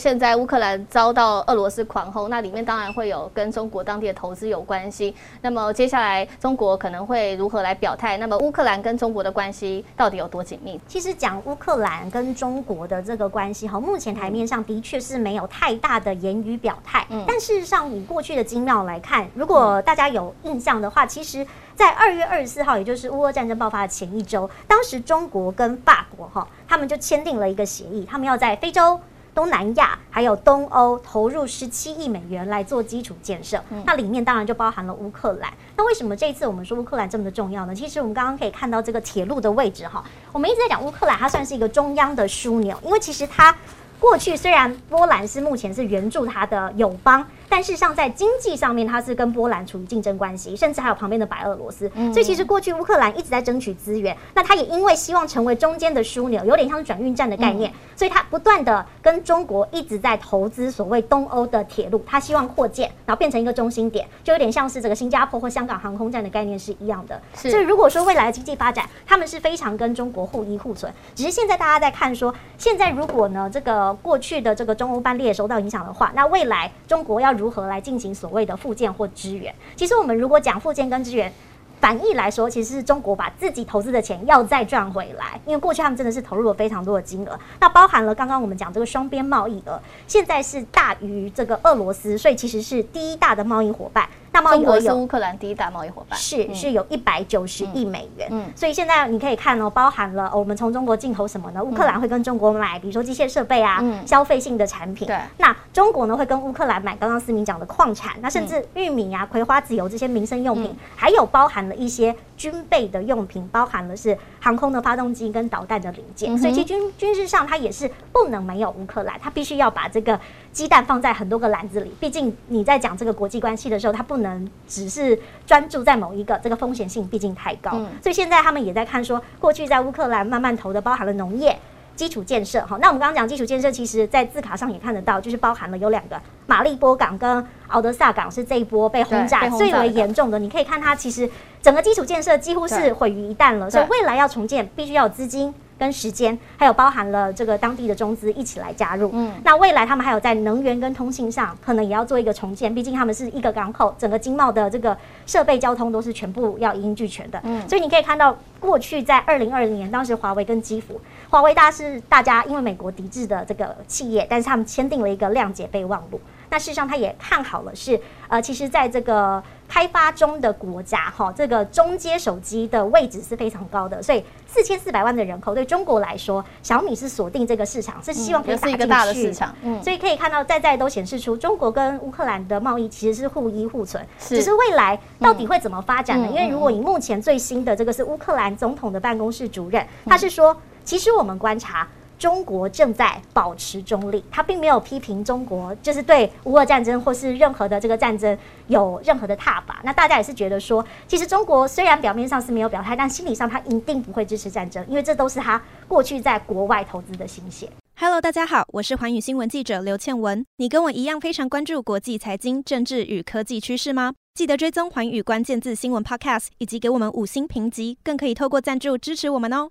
現在烏克蘭遭到俄羅斯狂轟，那裡面當然會有跟中國當地的投資有關係。那麼接下來中國可能會如何來表態？那麼烏克蘭跟中國的關係到底有多緊密？其實講烏克蘭跟中國的這個關係哈，目前檯面上的確是沒有太大的言語表態。嗯。但事實上，以過去的精妙來看，如果大家有印象的話，嗯。其實，在二月二十四號，也就是烏俄戰爭爆發的前一週，當時中國跟法國哈，他們就簽訂了一個協議，他們要在非洲。東南亞還有東歐投入十七億美元來做基礎建設，那裡面當然就包含了烏克蘭。那為什麼這一次我們說烏克蘭這麼的重要呢？其實我們剛剛可以看到這個鐵路的位置哈，我們一直在講烏克蘭，它算是一個中央的樞紐，因為其實它過去雖然波蘭是目前是援助它的友邦。但事實上，在經濟上面，它是跟波蘭處於競爭關係，甚至還有旁邊的白俄羅斯。嗯、所以，其實過去烏克蘭一直在爭取資源。那它也因為希望成為中間的樞紐，有點像是轉運站的概念。嗯、所以，它不斷的跟中國一直在投資所謂東歐的鐵路，它希望擴建，然後變成一個中心點，就有點像是這個新加坡或香港航空站的概念是一樣的。是所以，如果說未來的經濟發展，他們是非常跟中國互依互存。只是現在大家在看說，現在如果呢這個過去的這個中歐班列受到影響的話，那未來中國要。如何來進行所謂的復建或支援？其實我們如果講復建跟支援。反應來說，其實是中國把自己投資的錢要再賺回來，因為過去他們真的是投入了非常多的金額，那包含了剛剛我們講這個雙邊貿易額，現在是大於這個俄羅斯，所以其實是第一大的貿易夥伴。那貿易額有烏克蘭第一大貿易夥伴，是、嗯、是有一百九十億美元。嗯嗯、所以現在你可以看哦，包含了、哦、我們從中國進口什麼呢？烏克蘭會跟中國買，比如說機械設備啊，嗯、消費性的產品。對。那中國呢會跟烏克蘭買，剛剛思明講的礦產，那甚至玉米啊、葵花籽油這些民生用品，嗯嗯、還有包含。一些軍備的用品，包含了是航空的發動機跟導彈的零件，所以其實軍軍事上它也是不能沒有烏克蘭，它必須要把這個雞蛋放在很多個籃子裡。畢竟你在講這個國際關係的時候，它不能只是專注在某一個，這個風險性畢竟太高。所以現在他們也在看說，過去在烏克蘭慢慢投的，包含了農業。基礎建設，那我們剛剛講基礎建設，其實在字卡上也看得到，就是包含了有兩個馬利波港跟奧德薩港是這一波被轟炸，被轟炸最為嚴重的。對你可以看它其實整個基礎建設幾乎是毀於一旦了，所以未來要重建必須要有資金。跟時間，還有包含了這個當地的中資一起來加入，嗯，那未來他們還有在能源跟通信上，可能也要做一個重建。畢竟他們是一個港口，整個經貿的這個設備、交通都是全部要一應俱全的，嗯。所以你可以看到，過去在二零二零年，當時華為跟基輔，華為大是大家因為美國抵制的這個企業，但是他們簽訂了一個諒解備忘錄。那事實上，他也看好了，是呃，其實，在這個開發中的國家，哈，這個中階手機的位置是非常高的，所以四千四百萬的人口，對中國來說，小米是鎖定這個市場，是希望可以打開一個大的市場。嗯，所以可以看到，在在都顯示出中國跟烏克蘭的貿易其實是互依互存，只是未來到底會怎麼發展呢？因為如果你目前最新的這個是烏克蘭總統的辦公室主任，他是說，其實我們觀察。中國正在保持中立，他並沒有批評中國，就是對烏俄戰爭或是任何的這個戰爭有任何的撻伐。那大家也是覺得說，其實中國雖然表面上是沒有表態，但心理上他一定不會支持戰爭，因為這都是他過去在國外投資的心血。Hello，大家好，我是寰宇新聞記者劉倩文。你跟我一樣非常關注國際財經、政治與科技趨勢嗎？記得追蹤寰宇關鍵字新聞 Podcast，以及給我們五星評級，更可以透過贊助支持我們哦。